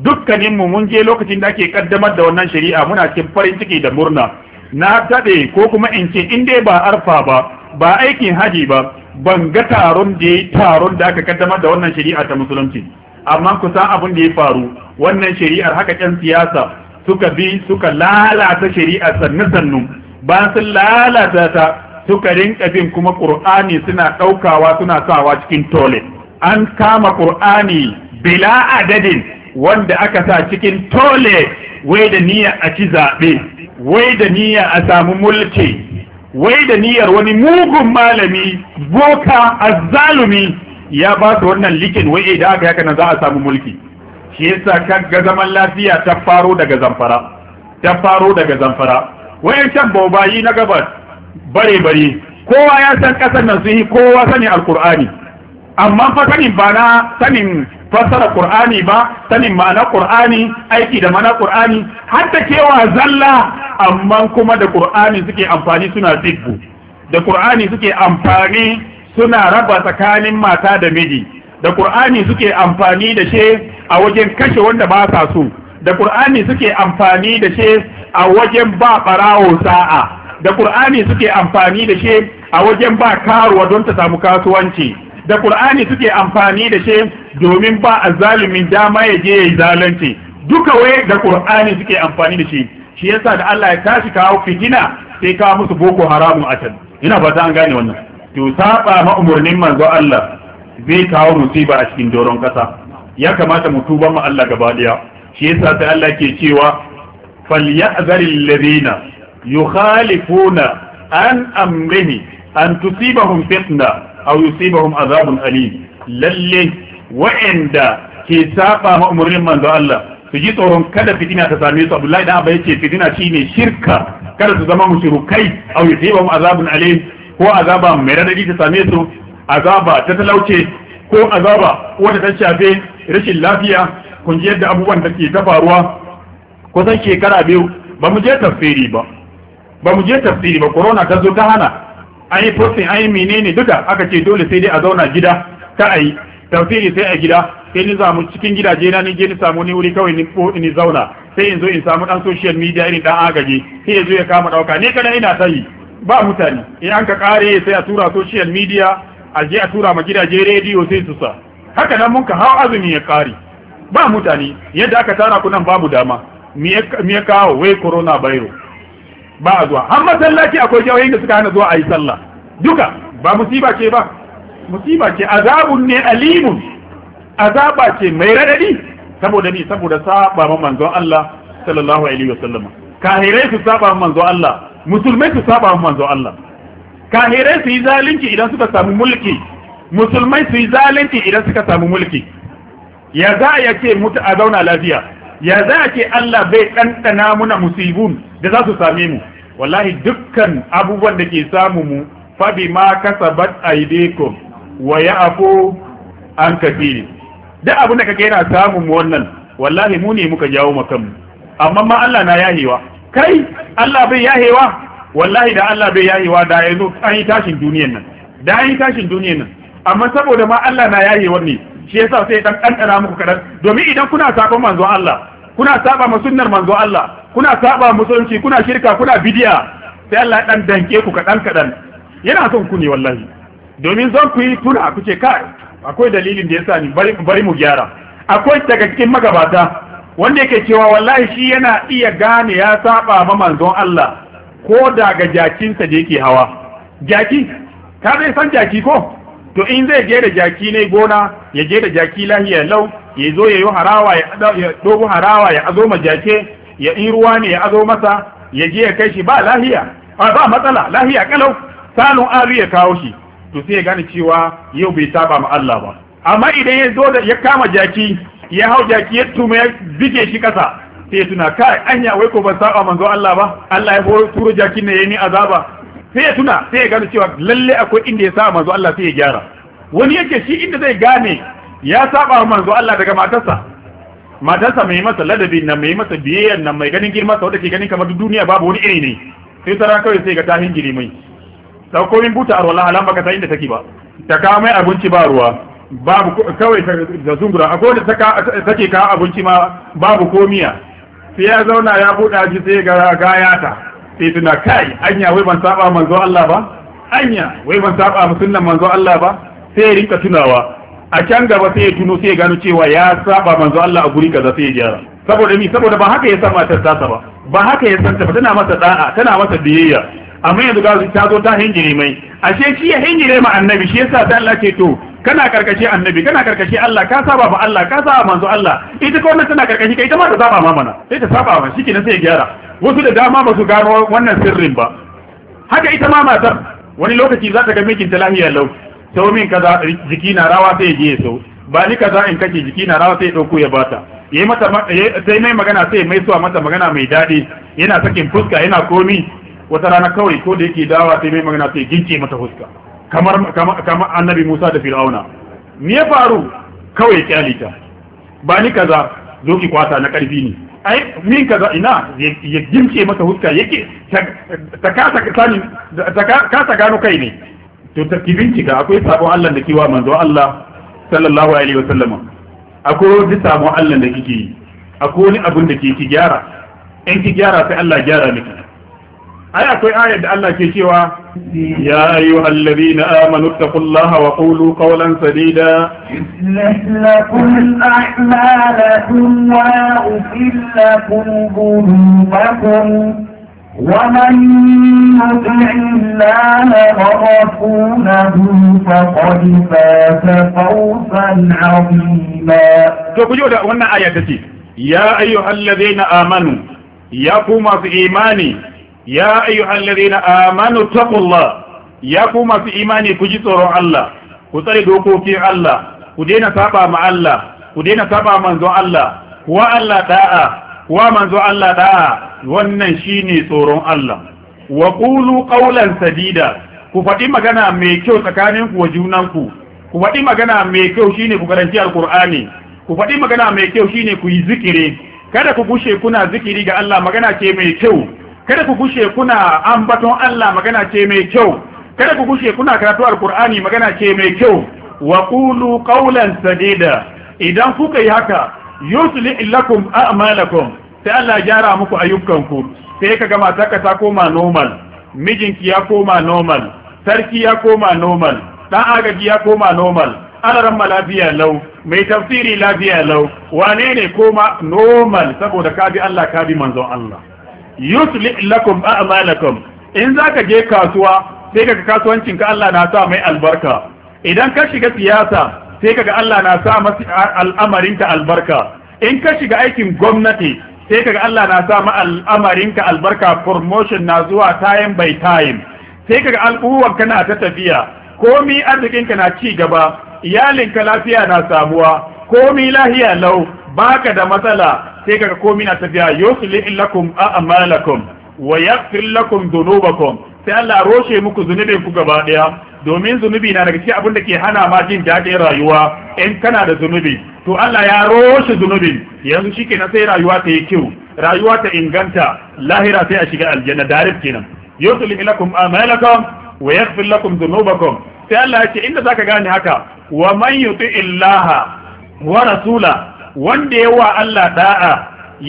dukkanin mu mun je lokacin da ake kaddamar da wannan shari'a muna cikin farin ciki da murna na tade ko kuma in ce in dai ba arfa ba ba aikin haji ba ban ga taron da ya taron da aka kaddamar da wannan shari'a ta musulunci amma kusan abin da ya faru wannan shari'ar haka ƴan siyasa suka bi suka lalata shari'ar sannu sannu ba sun lalata ta suka rinka bin kuma ƙur'ani suna ɗaukawa suna sawa cikin tole. an kama ƙur'ani bila adadin wanda aka sa cikin tole. wai da niyya a ci zaɓe wai da niyya a samu mulki wai da niyyar wani mugun malami boka azzalumi ya ba su wannan likin wai idan eh, aka yaka nan za a samu mulki shi yasa kaga zaman lafiya ta faro daga zamfara ta faro daga zamfara wayancan bobayi na gabas bare bare kowa ya san kasar nan sun kowa sani alkur'ani amma fa sanin ba na sanin fassara qur'ani ba sanin ma'ana qur'ani aiki da ma'ana qur'ani hatta kewa zalla amma kuma da qur'ani suke amfani suna dibbu da qur'ani suke amfani suna raba tsakanin mata da miji da qur'ani suke amfani da shi a wajen kashe wanda ba sa so da qur'ani suke amfani da shi a wajen ba barawo sa'a da qur'ani suke amfani da shi a wajen ba karuwa don ta samu kasuwanci da qur'ani suke amfani da shi domin ba azalimin dama ya je yayi zalunci duka waye da qur'ani suke amfani da shi shi yasa da Allah ya tashi kawo fitina sai kawo musu boko haramun a can ina fata an gane wannan to saba ma umurnin manzo Allah zai kawo musiba a cikin doron kasa ya kamata mu tuba ma Allah gaba daya shi yasa sai Allah ke cewa falyazari ladina yukhalifuna an amrihi an tusibahum fitna aw yusibahum azabun alim lalle wa'anda ke saba ma umurnin manzo Allah su ji tsoron kada fitina ta same su Abdullahi da Abba yace fitina shine shirka kada su zama mushrikai aw yusibahum azabun alim ko azaba mai radadi ta same su azaba ta talauce ko azaba wanda ta shafe rashin lafiya kun ji yadda abubuwan da ke ta faruwa kusan shekara biyu ba mu je tafsiri ba ba mu je tafsiri ba corona ta zo ta hana an yi posting an yi menene duka aka ce dole sai dai a zauna gida ta ayi tafsiri sai a gida sai ni zamu cikin gidaje na ni je ni samu ni wuri kawai ni ko ni zauna sai in zo in samu dan social media irin dan agaji sai ya zo ya kama dauka ni kana ina sai ba mutane in an ka kare sai a tura social media a je a tura ma gidaje rediyo sai su sa haka nan mun ka hawo azumi ya kare ba mutane yadda aka tara ku nan babu dama me me kawo wai corona virus ba a zuwa har masallaci akwai jawayin da suka hana zuwa a yi sallah duka ba musiba ce ba musiba ce azabun ne alimun azaba ce mai radadi saboda ni saboda saba ma manzon Allah sallallahu alaihi wa sallam. kahirai su saba ma manzon Allah musulmai su saba ma manzon Allah kahirai su yi zalunci idan suka samu mulki musulmai su yi zalunci idan suka samu mulki ya za a ce mutu a zauna lafiya ya za a ce Allah bai ɗanɗana muna musibun da za su same mu wallahi dukkan abubuwan da ke samu mu Fabi, bima kasabat aydikum wa ya'fu an kafiri duk abin da kake yana samu mu wannan wallahi mu ne muka jawo maka mu amma ma Allah na yahewa kai Allah bai yahewa wallahi da Allah bai yahewa da yanzu an yi tashin duniyar nan da an yi tashin duniyar nan amma saboda ma Allah na yahewa ne shi yasa sai dan kankana muku kadan domin idan kuna sakon manzon Allah kuna saba ma sunnar manzo Allah kuna saba musulunci kuna shirka kuna bidiya sai Allah dan danke ku kadan kadan yana son ku ne wallahi domin zan ku yi tuna ku ce kai akwai dalilin da yasa ni bari bari mu gyara akwai daga cikin magabata wanda yake cewa wallahi shi yana iya gane ya saba ma manzon Allah ko daga jakinsa da yake hawa jaki ka zai san jaki ko to in zai je da jaki ne gona ya je da jaki lahiya lau ya zo ya yi harawa ya dogo harawa ya azo majake ya yi ruwa ne ya azo masa ya je ya kai shi ba lahiya ba matsala lahiya kalau sanu azu ya kawo shi to sai ya gane cewa yau bai saba ma Allah ba amma idan ya zo da ya kama jaki ya hau jaki ya tuma ya bige shi kasa sai ya tuna kai anya wai ko ban saba manzo Allah ba Allah ya horo turo jaki ne yayi ni azaba sai ya tuna sai ya gane cewa lalle akwai inda ya saba manzo Allah sai ya gyara wani yake shi inda zai gane ya saba wa manzo Allah daga matarsa matarsa mai masa ladabi na mai masa biyayya na mai ganin girma sa wanda ke ganin kamar duniya babu wani iri ne sai tara kawai sai ga tahin giri mai sauko min buta arwala halan baka san inda take ba ta kawo mai abinci ba ruwa babu kawai da zungura akwai ta take kawo abinci ma babu komiya sai ya zauna ya buɗa shi sai ga ta. sai tuna kai anya wai ban saba manzo Allah ba anya wai ban saba musulman manzo Allah ba sai ya rinka tunawa a can gaba sai ya tuno sai ya gano cewa ya saba manzo Allah a guri kaza sai ya gyara saboda mi saboda ba haka ya san matar tasa ba ba haka ya san ta ba tana masa da'a tana masa biyayya amma yanzu ga ta zo ta hinjire mai ashe shi ya hinjire ma annabi shi yasa ta Allah ce to kana karkashe annabi kana karkashe Allah ka saba ba Allah ka saba manzo Allah ita ko wannan tana karkashe kai ita ma ta saba ma mana sai ta saba ma shikenan sai ya gyara wasu da dama ba su gano wannan sirrin ba haka ita ma matar wani lokaci za ta ga mijinta lahiya lau sau min kaza jiki na rawa sai ya je ya sau ba ni kaza in kake jiki na rawa sai ya dauko ya bata yayi mata sai mai magana sai mai suwa mata magana mai daɗi yana sakin fuska yana komi wata rana kawai ko da yake dawa sai mai magana sai gince mata fuska kamar kamar annabi Musa da Fir'auna me ya faru kawai kyalita ba ni kaza zo ki kwata na karfi ne ai min kaza ina ya gince mata fuska yake ta ta kasa gano kai ne to ta bincika akwai sabon Allah da kiwa manzo Allah sallallahu alaihi wa sallama. akwai wani sabon Allah da kike yi akwai wani abin da ke ki gyara in ki gyara sai Allah gyara miki ai akwai ayar da Allah ke cewa ya ayyuhal ladina amanu taqullaha wa qulu qawlan sadida lakum a'malakum wa yaghfir lakum dhunubakum ومن يطع الله غرفون فقد فات فوزا عظيما تقولوا لا وانا آياتي يا أيها الذين آمنوا يقوم في إيماني يا أيها الذين آمنوا اتقوا الله يقوم في إيماني كجسر الله كتريد في الله كدين تابع مع الله كدين تابع من الله هو الله تاءه wa manzo Allah da wannan shine tsoron Allah wa qulu qawlan sadida ku faɗi magana mai kyau tsakanin ku wa junan ku ku faɗi magana mai kyau shine ku karanci alqur'ani ku faɗi magana mai kyau shine ku yi zikiri kada ku gushe kuna zikiri ga Allah magana ce mai kyau kada ku gushe kuna ambaton Allah magana ce mai kyau kada ku gushe kuna karatu alqur'ani magana ce mai kyau wa qulu qawlan sadida idan kuka yi haka yusli lakum a'malakum sai Allah gyara muku ayyukanku sai ka gama taka ta koma normal mijinki ya koma normal sarki ya koma normal dan agaji ya koma normal alaran lafiya lau mai tafsiri lafiya lau wane ne koma normal saboda ka bi Allah ka bi manzon Allah yusli lakum a'malakum in zaka je kasuwa sai ka kasuwancin ka Allah na sa mai albarka idan ka shiga siyasa sai kaga Allah na sa masa al'amarinka albarka in ka shiga aikin gwamnati sai kaga Allah na sa ma al'amarinka albarka promotion na zuwa time by time sai kaga al'uwar kana ta tafiya komi arzikinka na ci gaba iyalinka lafiya na samuwa komi lahiya lau baka da matsala sai kaga komi na tafiya yuslih lakum a'malakum wa yaghfir lakum dhunubakum sai Allah roshe muku zunubin ku gaba daya domin zunubi na daga cikin abin da ke hana ma jin daɗin rayuwa in kana da zunubi to Allah ya roshe zunubin yanzu shike na sai rayuwa ta yi kyau rayuwa ta inganta lahira sai a shiga aljanna darif kenan yuslim ilakum amalakum wa yaghfir lakum dhunubakum sai Allah ya ce inda zaka gane haka wa man yuti illaha wa rasula wanda yawa Allah da'a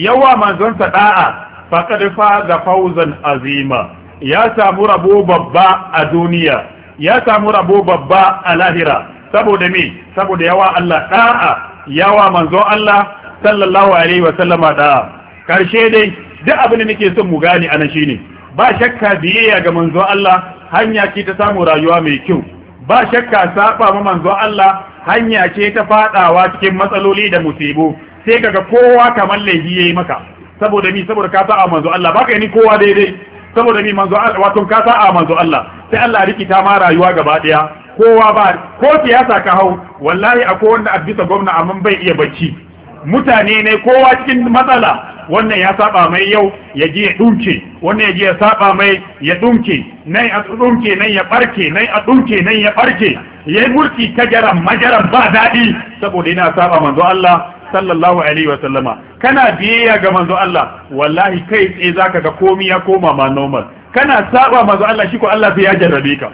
yawa manzonsa da'a faqad faza fawzan azima ya samu rabo babba a duniya ya samu rabo babba a lahira saboda me saboda yawa Allah da'a yawa manzo Allah sallallahu alaihi wa sallama da'a karshe dai duk abin da nake son mu gane anan shine ba shakka biyayya ga manzo Allah hanya ce ta samu rayuwa mai kyau ba shakka saba ma manzo Allah hanya ce ta fadawa cikin matsaloli da musibu sai kaga kowa kamar laifi yayi maka saboda ni saboda ka ta'a manzo Allah baka ni kowa daidai saboda ni manzo Allah wato ka sa a manzo Allah sai Allah ya rikita ma rayuwa gaba daya kowa ba ko siyasa ka hau wallahi akwai wanda a bisa gwamna amma bai iya bacci mutane ne kowa cikin matsala wannan ya saba mai yau ya je ya dunke wannan ya je ya saba mai ya dunke nan a dunke nan ya barke nan a dunke nan ya barke yayi mulki ta garan majaran ba dadi saboda yana saba manzo Allah sallallahu alaihi wa sallama kana biyayya ga manzo Allah wallahi kai tsaye zaka ga komai ya koma ma normal kana saba manzo Allah shi ko Allah sai ya jarrabe ka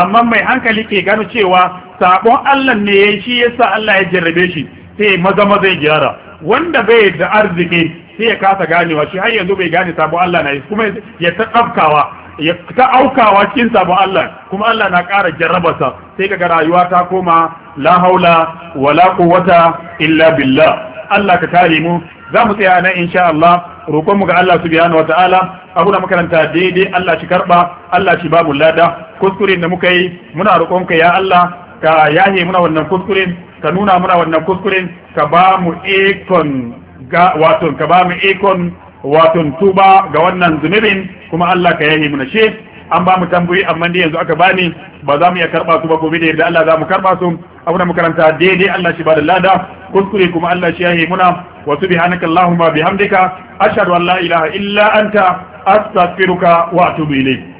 amma mai hankali ke gano cewa sabon Allah ne yayi shi yasa Allah ya jarrabe shi sai maza maza ya gyara wanda bai da arziki sai ya kasa ganewa shi har yanzu bai gane sabon Allah na yi kuma ya ta tsafkawa ya ta aukawa cikin sabon Allah kuma Allah na ƙara jarrabarsa sai kaga rayuwa ta koma la haula wala quwwata illa billah Allah ka kare mu za mu tsaya nan insha Allah roƙon mu ga Allah subhanahu wataala abu da makaranta daidai Allah shi karba Allah shi babu lada kuskuren da muka yi muna roƙon ka ya Allah ka yaye muna wannan kuskuren ka nuna muna wannan kuskuren ka ba mu ikon ga wato ka ba mu ikon wato tuba ga wannan zunubin kuma Allah ka yahi muna shi an ba mu tambayi amma dai yanzu aka bani ba za mu iya karba su ba gobe da yadda Allah za mu karba su abu da makaranta daidai Allah shi ba da lada kuskure kuma Allah shi yahi muna wa subhanaka allahumma bihamdika ashhadu an la ilaha illa anta astaghfiruka wa atubu ilayk